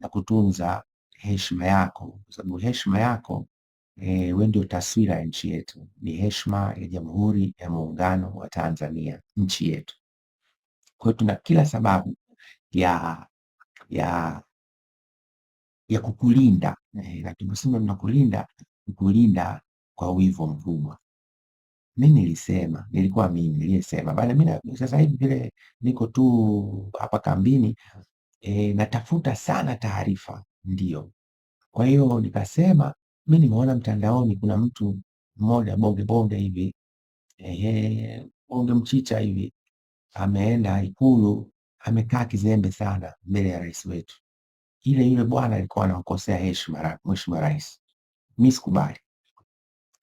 na kutunza heshima yako, kwa sababu heshima yako e, wewe ndio taswira ya nchi yetu, ni heshima ya Jamhuri ya Muungano wa Tanzania, nchi yetu. Kwa hiyo tuna kila sababu ya ya ya kukulinda e, eh, na tunaposema tunakulinda kukulinda kwa wivu mkubwa. Mi nilisema nilikuwa mimi niliyesema bali mi sasa hivi vile niko tu hapa kambini, e, natafuta sana taarifa ndio. Kwa hiyo nikasema mi nimeona mtandaoni kuna mtu mmoja bonge bonge hivi e, bonge mchicha hivi ameenda Ikulu, amekaa kizembe sana mbele ya rais wetu. Ile yule bwana alikuwa anawakosea heshima mheshimiwa rais. Mi sikubali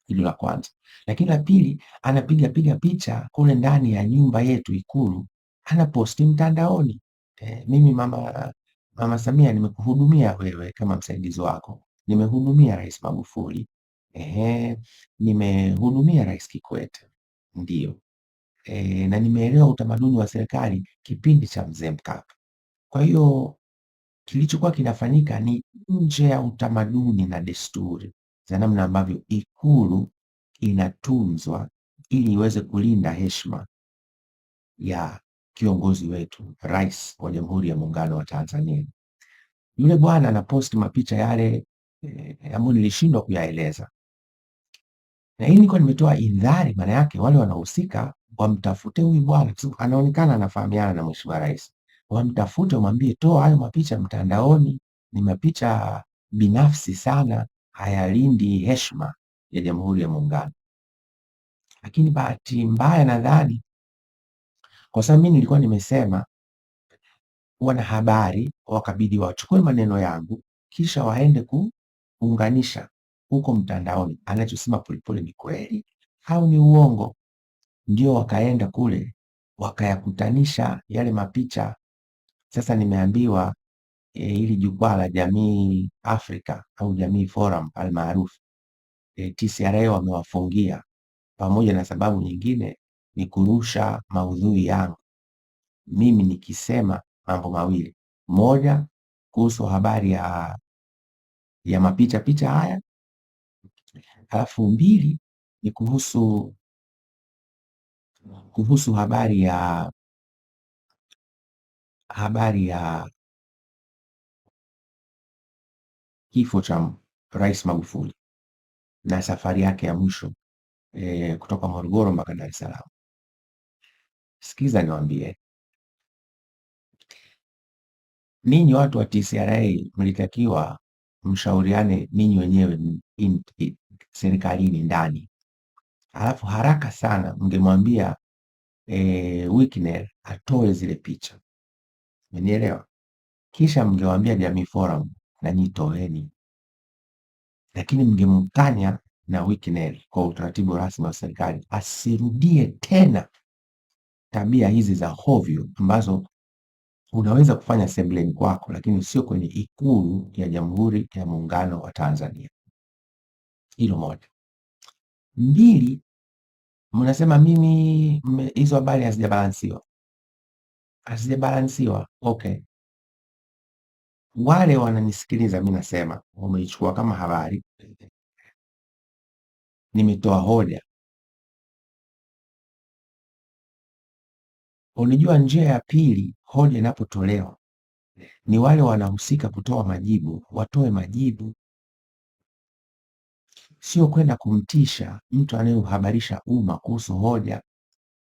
hilo la kwanza, lakini la pili, anapiga piga picha kule ndani ya nyumba yetu Ikulu, anaposti mtandaoni eh, mimi mama mama Samia nimekuhudumia wewe kama msaidizi wako, nimehudumia Rais Magufuli, eh, nimehudumia Rais Kikwete, ndio e, na nimeelewa utamaduni wa serikali kipindi cha Mzee Mkapa. Kwa hiyo kilichokuwa kinafanyika ni nje ya utamaduni na desturi za namna ambavyo Ikulu inatunzwa ili iweze kulinda heshima ya kiongozi wetu, rais wa Jamhuri ya Muungano wa Tanzania. Yule bwana anaposti mapicha yale eh, ambayo nilishindwa kuyaeleza, na hii niko nimetoa indhari, maana yake wale wanahusika wamtafute huyu bwana, anaonekana anafahamiana na mheshimiwa rais, wamtafute wamwambie, toa hayo mapicha mtandaoni, ni mapicha binafsi sana, hayalindi heshima ya Jamhuri ya Muungano. Lakini bahati mbaya nadhani kwa sababu mimi nilikuwa nimesema wanahabari wakabidi wachukue maneno yangu kisha waende kuunganisha huko mtandaoni, anachosema Polepole ni kweli au ni uongo. Ndio wakaenda kule wakayakutanisha yale mapicha. Sasa nimeambiwa e, eh, ili jukwaa la Jamii Afrika au Jamii Forum almaarufu e, eh, TCRA wamewafungia pamoja na sababu nyingine ni kurusha maudhui yangu. Mimi nikisema mambo mawili, moja kuhusu habari ya, ya mapicha picha haya, alafu mbili ni kuhusu kuhusu habari ya habari ya kifo cha Rais Magufuli na safari yake ya mwisho e, kutoka Morogoro mpaka Dar es Salaam. Sikiza niwambie ninyi watu wa TCRA mlitakiwa mshauriane ninyi wenyewe in- i- serikalini ndani, alafu haraka sana mngemwambia e, eh, Wikner atoe zile picha, menielewa Kisha mngewaambia Jamii Forum na toeni, lakini mngemkanya na Wikner kwa utaratibu rasmi wa serikali asirudie tena tabia hizi za hovyo ambazo unaweza kufanya sebuleni kwako, lakini sio kwenye Ikulu ya Jamhuri ya Muungano wa Tanzania. Hilo moja. Mbili, mnasema mimi hizo habari hazijabalansiwa, hazijabalansiwa. Okay, wale wananisikiliza mi nasema wameichukua kama habari, nimetoa hoja Unajua, njia ya pili hoja inapotolewa ni wale wanahusika kutoa majibu watoe majibu, sio kwenda kumtisha mtu anayehabarisha umma kuhusu hoja